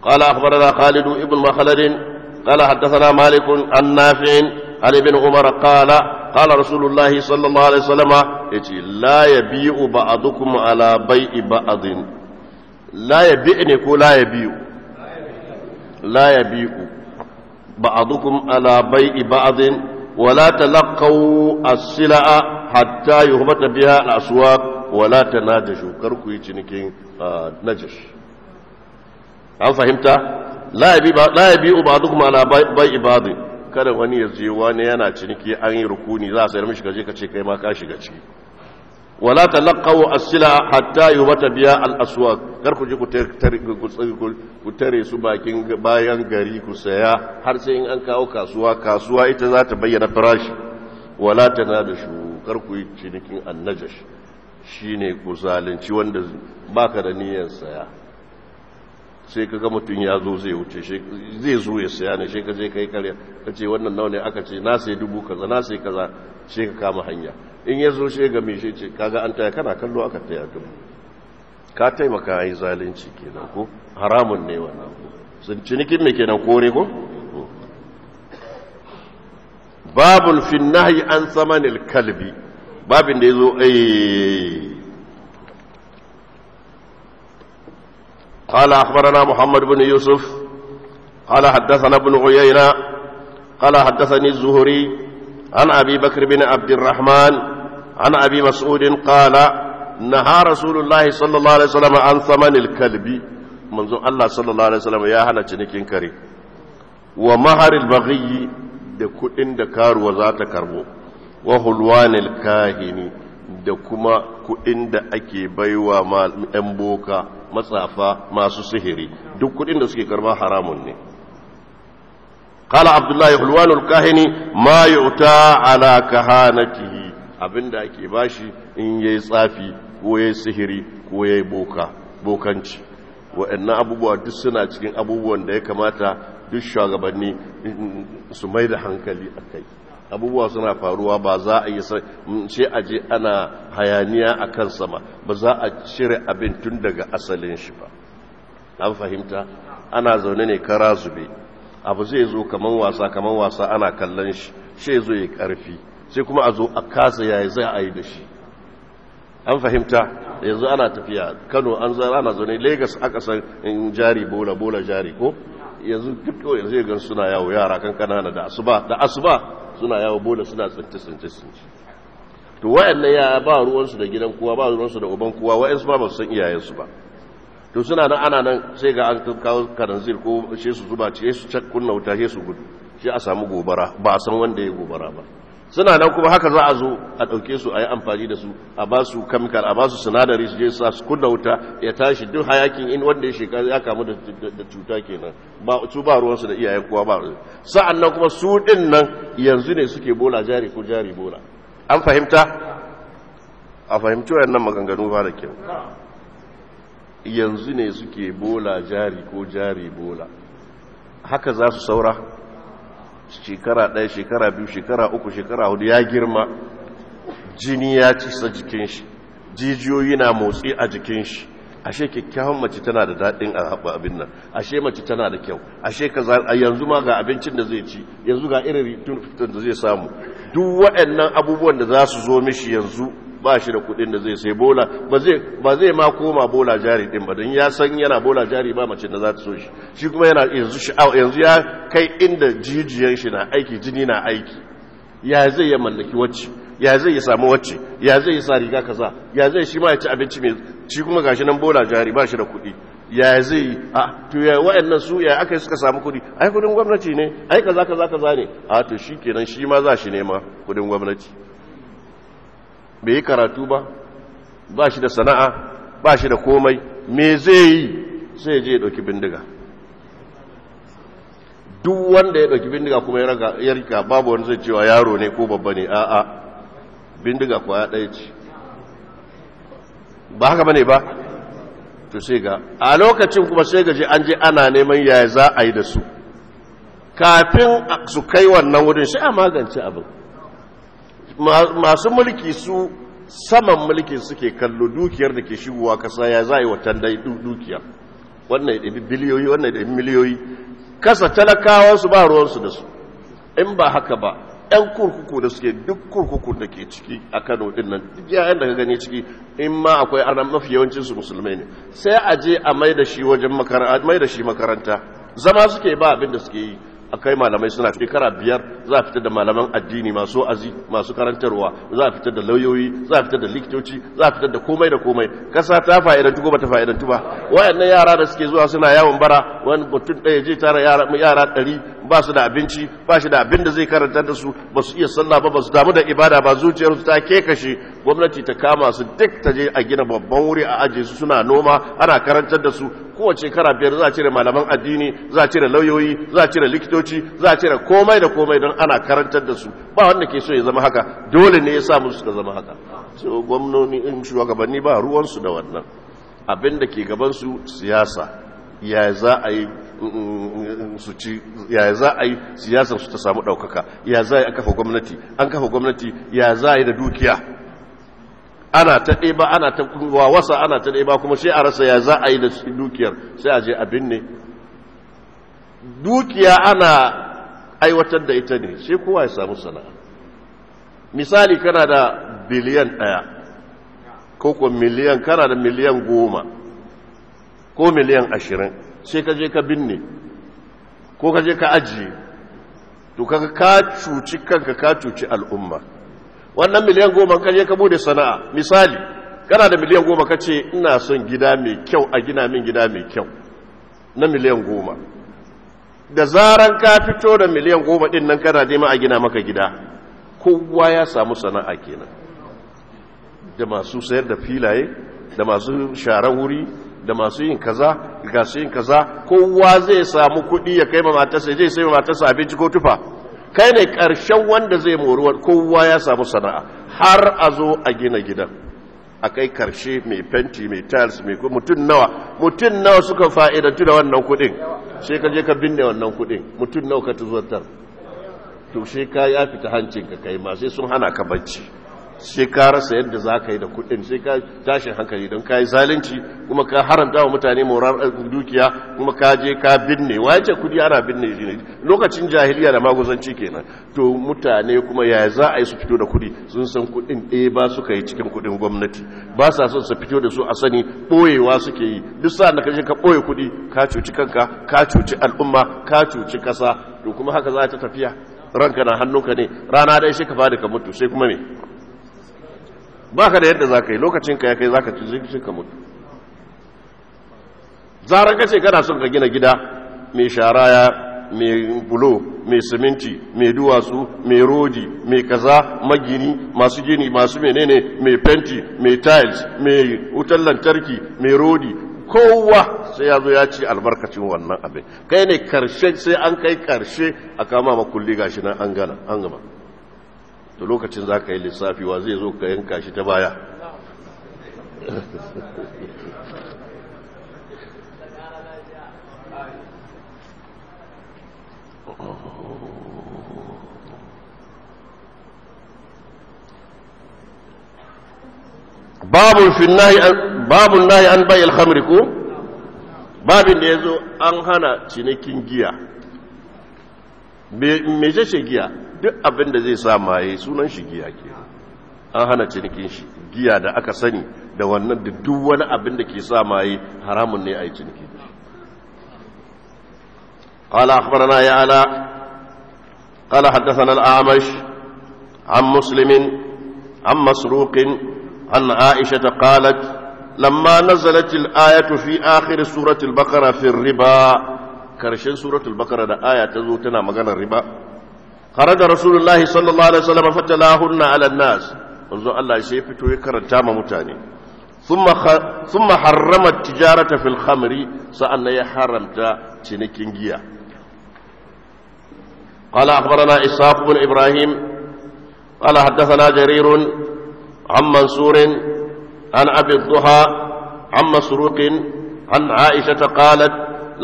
qala akhbarana Khalidu ibn مخلد قال حدثنا مالك عن نافع عن ابن عمر قال قال رسول الله صلى الله عليه وسلم لا يبيع بعضكم على بيع بعض لا يبيعني كو لا يبيع لا يبيع بعضكم على بيع بعض ولا تلقوا السلع حتى يهبط بها الأسواق ولا تناجشوا كركو يتنكين نجش an fahimta la ba duk ala ba ibadu kada wani ya je wani yana ciniki an yi rukuni za a sayar mishi gaje ka ce kai ma ka shiga ciki wala talaqaw asila hatta yubata biya al-aswaq kar ku je ku ku tare su bakin bayan gari ku saya har sai in an kawo kasuwa kasuwa ita za ta bayyana farashi wala tanadashu kar ku yi cinikin annajash shine ku zalunci wanda baka da niyyar saya sai ka ga mutum ya zo zai wuce zai zo ya saya ne sai zai kai karya ka ce wannan nawa ne aka ce na sai dubu kaza na sai kaza sai ka kama hanya in ya zo shi ga me shi ce kaga an taya kana kallo aka taya dubu ka taimaka ai zalunci kenan ko haramun ne wannan sun cinikin kenan kore ko babul fi an tsamanin kalbi babin da ya zo ai قال أخبرنا محمد بن يوسف قال حدثنا ابن عيينة قال حدثني الزهري عن أبي بكر بن عبد الرحمن عن أبي مسعود قال نهى رسول الله صلى الله عليه وسلم عن ثمن الكلب منذ الله صلى الله عليه وسلم يا هنا تنكين كري ومهر البغي da kuɗin da karuwa za ta karbo wa hulwanil kahini da kuma kuɗin da ake baiwa 'yan boka matsafa masu sihiri duk kudin da suke karba haramun ne قال عبد الله حلوان الكاهني ما يؤتى على كهانته abinda ake bashi in yayi tsafi ko yayi sihiri ko yayi boka bokanci waɗannan abubuwa duk suna cikin abubuwan da ya kamata duk shugabanni su mai da hankali akai abubuwa suna faruwa ba za a yi ce a je ana hayaniya a kan sama ba za a cire abin tun daga asalin shi ba an fahimta ana zaune ne kara zube abu zai zo kaman wasa kaman wasa ana kallon shi shi zo ya karfi sai kuma a zo a kasa yayi zai a yi da shi an fahimta yanzu ana tafiya kano an zara ana zaune lagos aka san in jari bola bola jari ko yanzu duk yanzu ya gan suna yawo yara kan kanana da asuba da asuba suna yawo bola suna tsinci tsinci tsinci to wayannan yaya ba ruwansu da gidan kuwa ba ruwansu da uban kowa wayansu ba ba su san iyayensu ba to suna nan ana nan sai ga an kawo karanzir ko shi zuba ce su cakkun kunna wuta shi su gudu shi a samu gobara ba a san wanda ya gobara ba suna nan kuma haka za a zo a ɗauke su a yi amfani da su a ba su kamkar a ba su sinadari su je sa su kunna wuta ya tashi duk hayakin in wanda ya shekaru ya kamu da cuta kenan ba su ba ruwansu da iyayen kuwa ba sa'an nan kuma su ɗin nan yanzu ne suke bola jari ko jari bola an fahimta a fahimci wayannan maganganu ba da kyau yanzu ne suke bola jari ko jari bola haka za su saura shekara ɗaya shekara biyu shekara uku shekara hudu ya girma jini ya cisa jikin shi jijiyoyi na motsi a jikin shi ashe kyakkyawan mace tana da daɗin a abin nan ashe mace tana da kyau ashe ka yanzu ma ga abincin da zai ci yanzu ga irin tun da zai samu duk waɗannan abubuwan da za su zo mishi yanzu ba shi da kudin da zai sai bola ba zai ma koma bola jari din ba don ya san yana bola jari ba mace da za ta so shi shi kuma yana yanzu sha'awa yanzu ya kai inda jijiyar shi na aiki jini na aiki ya zai ya mallaki wacce ya zai ya samu wacce ya zai ya sa riga kaza ya zai shi ma ya ci abinci mai shi kuma gashi nan bola jari ba shi da kudi ya zai a to ya wa'annan su ya aka suka samu kudi ai kudin gwamnati ne ai kaza kaza kaza ne a to shikenan shi ma za shi nema kudin gwamnati bai yi karatu ba ba shi da sana'a ba shi da komai me zai yi sai je ya ɗauki bindiga duk wanda ya ɗauki bindiga kuma ya rika babu wani zai cewa yaro ne ko babba ne a'a bindiga kuwa ya ɗaya ce ba haka bane ba to sai ga a lokacin kuma sai gaji an je ana neman yaya za a yi da su kafin su kai wannan wurin sai a magance abin masu mulki su saman mulki suke kallo dukiyar da ke shigowa kasa ya za a yi watan dukiya wannan ɗabi biliyoyi wannan ɗabi miliyoyi kasa talakawansu ba ruwansu da su in ba haka ba ‘yan kurkuku da suke duk kurkuku da ke ciki a kano ɗin nan duk yayan da ka gani ciki in ma akwai arna mafi yawancinsu musulmai ne sai a je a mai da shi makaranta zama suke ba abin da suke yi akai malamai suna shekara biyar za a fitar da malaman addini masu azi masu karantarwa za a fitar da lauyoyi za a fitar da likitoci za a fitar da komai da komai kasa ta fa'idantu ko bata fa'idantu ba wayannan yara da suke zuwa suna yawon bara wani mutum ɗaya je tara yara yara ba su da abinci ba shi da abin da zai karanta da su ba su iya sallah ba ba su damu da ibada ba zuciyarsu ta kashe gwamnati ta kama su duk ta je a gina babban wuri a aje su suna noma ana karantar da su kowace kara biyar za a cire malaman addini za a cire lauyoyi za a cire likitoci za a cire komai da komai don ana karantar da su ba wanda ke so ya zama haka dole ne ya sa musu suka zama haka so gwamnoni in shugabanni ba ruwansu da wannan abin da ke gabansu siyasa ya za a yi su ci ya za a yi siyasar su ta samu ɗaukaka ya za a kafa gwamnati an kafa gwamnati ya za a yi da dukiya ana ta ɗeba ana ta wa wasa ana ta ɗeba kuma sai a rasa ya za a yi da dukiyar sai a je a binne. dukiya ana aiwatar da ita ne sai kowa ya samu sana'a misali kana da biliyan ɗaya ko kuwa miliyan kana da miliyan goma ko miliyan ashirin sai ka je ka binne ko ka je ka ajiye to ka ka cuci kanka ka cuci al'umma wannan miliyan goma ka je ka bude sana'a misali kana da miliyan goma ka ce ina son gida mai kyau a gina min gida mai kyau na miliyan goma da zaran ka fito da miliyan goma din nan kana nema a gina maka gida kowa ya samu sana'a kenan da masu sayar da filaye da masu sharan wuri da masu yin kaza ga su yin kaza kowa zai samu kuɗi ya kai ma matarsa zai sai matarsa abinci ko tufa kai ne ƙarshen wanda zai moruwa kowa ya samu sana'a har a zo a gina gidan a kai ƙarshe mai fenti mai tiles mai mutum nawa mutum nawa suka fa'idantu da wannan kuɗin sai ka je ka binne wannan kuɗin mutum nawa ka tar to sai ka ya fita hancin ka kai ma sai sun hana ka bacci sai ka rasa yadda za ka yi da kudin sai ka tashin hankali don ka yi zalunci kuma ka haramta wa mutane morar dukiya kuma ka je ka binne wace kudi ana binne shi ne lokacin jahiliya da maguzanci kenan to mutane kuma yaya za a yi su fito da kudi sun san kudin ɗaya eh, ba su ka yi cikin kudin gwamnati ba sa son su fito da su a sani ɓoyewa suke yi duk sa'an da ka je ka ɓoye kudi ka cuci kanka ka cuci al'umma ka cuci kasa to kuma haka za ta tafiya ranka na hannunka ne rana dai shi ka fadi ka mutu sai kuma me ba ka da yadda za ka yi lokacin ka ya kai za ka ci zai ka mutu zarar ka ce kana son ka gina gida mai sharaya mai bulo mai siminti mai duwatsu mai rodi mai kaza magini masu gini masu menene mai fenti mai tiles mai wutan lantarki mai rodi kowa sai ya zo ya ci albarkacin wannan abin kai ne karshe sai an kai karshe a kama makulli gashi na an gana an gama to lokacin za ka yi lissafi wa zai zo ka yanka shi ta baya babun finnahi nahi an bai khamri ko babin da yazo an hana cinikin giya me ce giya duk abin da zai sa maye sunan shi giya ke an hana cinikin shi giya da aka sani da wannan da duk wani abin da ke sa maye haramun ne a yi ciniki ƙala akwarana ya ala ƙala haddasa na al'amash an musulmin an masurukin an aisha ta ƙalat lamma nazalatil ayatu fi akhir suratul bakara fi riba karshen suratul bakara da aya ta zo tana maganar riba خرج رسول الله صلى الله عليه وسلم فتلاهن على الناس وزو الله يسيفتو يكرن تام متاني ثم خ... ثم حرم التجارة في الخمر سأن يحرم تا تنكينجيا قال أخبرنا إسحاق بن إبراهيم قال حدثنا جرير عن منصور عن أبي الضحى عن مسروق عن عائشة قالت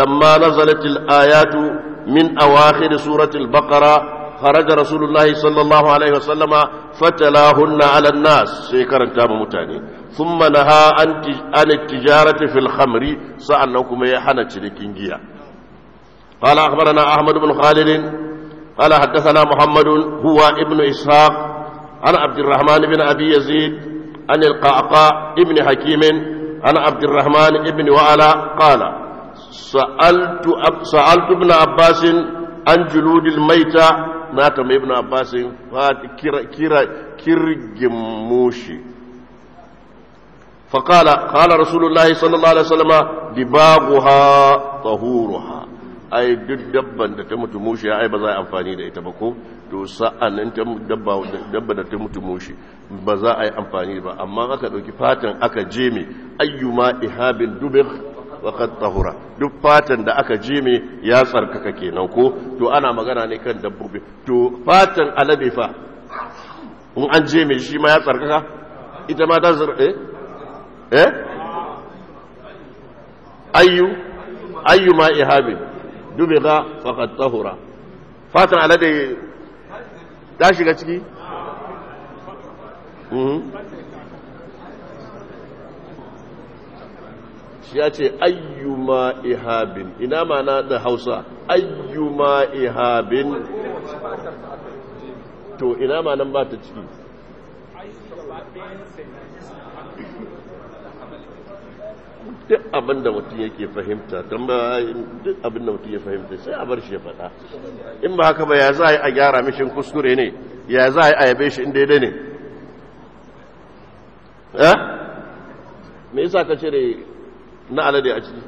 لما نزلت الآيات من أواخر سورة البقرة kharaja rasulullahi sallallahu fatala wasallama fatalahunna ala nas sai karanta ma mutane thumma naha an tijarati fil khamri sa'annan kuma ya hana cinikin giya qala akhbarana ahmad ibn khalid قال حدثنا محمد هو ابن إسحاق عن عبد الرحمن بن أبي يزيد عن القعقاع ابن حكيم عن عبد الرحمن ابن وعلا قال سألت, أب سألت ابن عباس عن جلود الميتة na tambayi ibn abbas kira kira kirgin mushi فقال قال رسول الله صلى الله عليه وسلم ai duk dabban da ta mutu mushi ai ba za a amfani da ita ba ko to sa'an ta dabba da ta mutu mushi ba za a yi amfani ba amma aka dauki fatan aka je ayyuma ihabin dubin waqad tahura duk fatan da aka me ya tsarkaka kenan ko to ana magana ne kan dabbobi to fatan alade fa in an jime shi ma ya tsarkaka ita ma ta zar eh eh ayyu ayyu ma ihabi dubiga faqad tahura fatan alade ta shiga ciki mm-hmm. shi ya ce ayyuma ihabin ina mana da hausa ayyuma ihabin to ina mana ba ta ciki duk abin da mutum yake fahimta don ba duk abin da mutum ya fahimta sai a bar shi ya faɗa in ba haka ba ya za a yi a gyara mishin kuskure ne ya za a yi a yabe shi in ya ne eh? me yasa ka cire na alade a ciki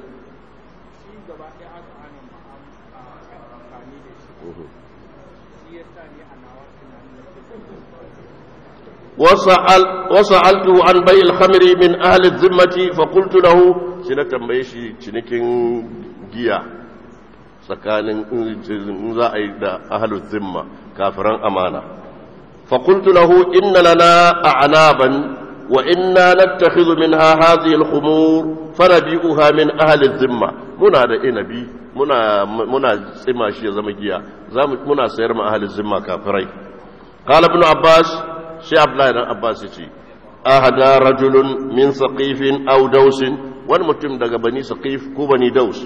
wasu altu an bai alhamiri min ahalin zimmati fakultu na hu shi na tambaye shi cinikin giya tsakanin in za a yi da ahalin zimma kafiran amana fakultu na hu inna lana a anaban وإنا نتخذ منها هذه الخمور فنبيئها من أهل الذمة منا da inabi muna muna tsima shi ya zama giya zamu muna sayar ma ahalin zimma kafirai qala ibn abbas shi abdullahi dan abbas yace ahada rajulun min saqifin Audausin? wani mutum daga bani saqif ko bani daus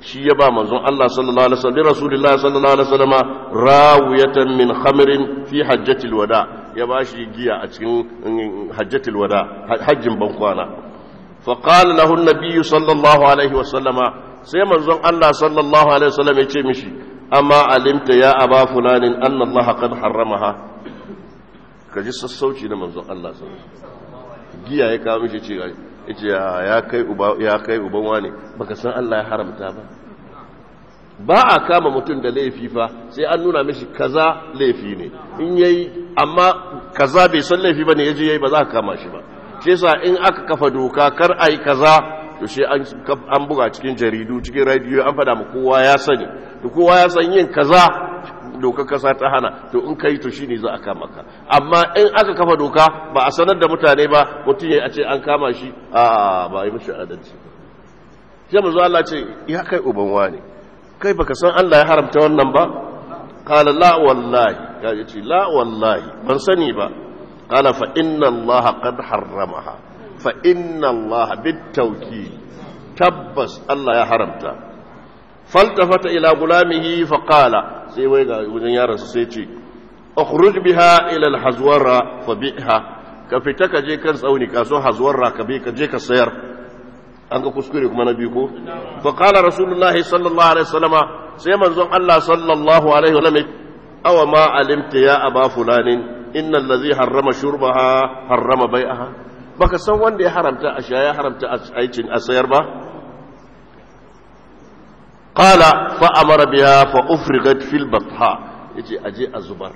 shi ya ba manzon Allah sallallahu alaihi wasallam rasulullahi sallallahu alaihi wasallam rawiyatan min khamrin fi hajjatil wada ya ba shi giya a cikin hajjatil wada hajjin bankwana fa qala lahu an-nabiy sallallahu alaihi wasallam sai manzon Allah sallallahu alaihi wasallam ya ce mishi amma alimta ya aba fulanin anna Allah qad harramaha ji sassauci da manzon Allah sallallahu alaihi wasallam giya ya kawo mishi ce ya kai uba ya kai uban wane baka san Allah ya haramta ba ba a kama mutum da laifi fa sai an nuna mishi kaza laifi ne in yayi amma kaza bai san laifi bane yaje yayi ba za ka kama shi ba shi yasa in aka kafa doka kar ai kaza to shi an buga cikin jaridu cikin radio an fada ma kowa ya sani to kowa ya san yin kaza dokar kasa ta hana to in kai to shine za a kama ka amma in aka kafa doka ba a sanar da mutane ba mutum ya ce an kama shi a ba yi mishi adalci ya mazu Allah ce ya kai uban wani kai baka san Allah ya haramta wannan ba kala la wallahi ya ce la wallahi ban sani ba kala fa inna Allah qad harramaha fa inna Allah bit tabbas Allah ya haramta faltafata ila gulamihi faqala sai wai ga wajen yaron su sai ce ka fita ka kan tsauni kasuwar hazwara ka bi ka je ka sayar an ga kuskure kuma na biyu ko faqala rasulullahi sallallahu alaihi wasallama sai manzon Allah sallallahu alaihi awa ma ya aba fulanin innal baka san wanda ya haramta a sha ya haramta a sayar ba qala fa amara biha fa ufrigat fil batha yace aje a zubar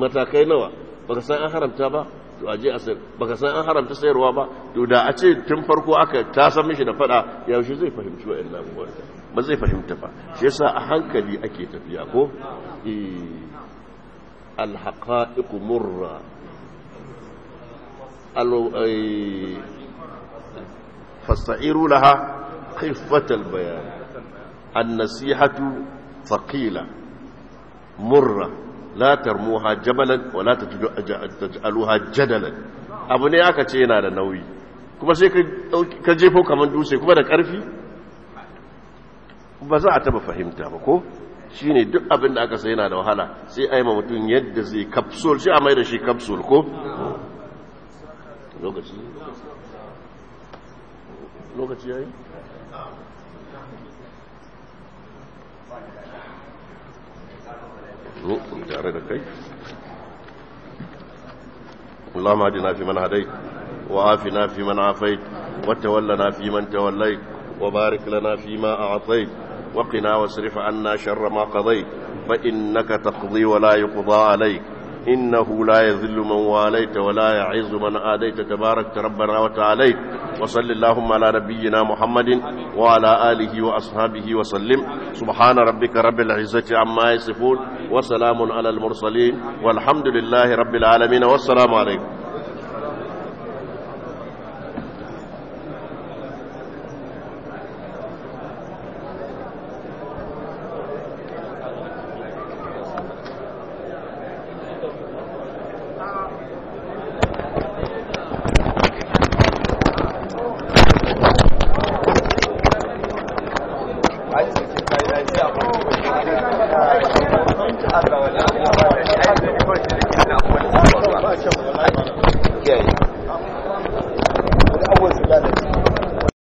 matakai nawa baka san an haramta ba to aje a sayar baka san an haramta sayarwa ba to da a ce tun farko aka ta san mishi da fada yaushe zai fahimci wa'annan abubuwan ba zai fahimta ba shi yasa a hankali ake tafiya ko eh alhaqa'iq murra eh fasta'iru laha khiffatal bayan annasihatu thaqila murra latar tarmuha jabalan wa la taj'aluha jadalan abu ne aka ce yana da nauyi kuma sai ka jefo kamar dutse kuma da karfi ba taba fahimta ba ko shine duk abin aka sai yana da wahala sai a yi ma mutum yadda zai kapsul shi a mai da shi kapsul ko lokaci lokaci yayi كنت tare da اللهم اهدنا فيمن هديت وعافنا فيمن عافيت وتولنا فيمن توليت وبارك لنا فيما أعطيت وقنا واصرف عنا شر ما قضيت فإنك تقضي ولا يقضى عليك إنه لا يذل من واليت ولا يعز من آديت تبارك ربنا وتعاليت وصل اللهم على نبينا محمد وعلى آله وأصحابه وسلم سبحان ربك رب العزة عما يصفون وسلام على المرسلين والحمد لله رب العالمين والسلام عليكم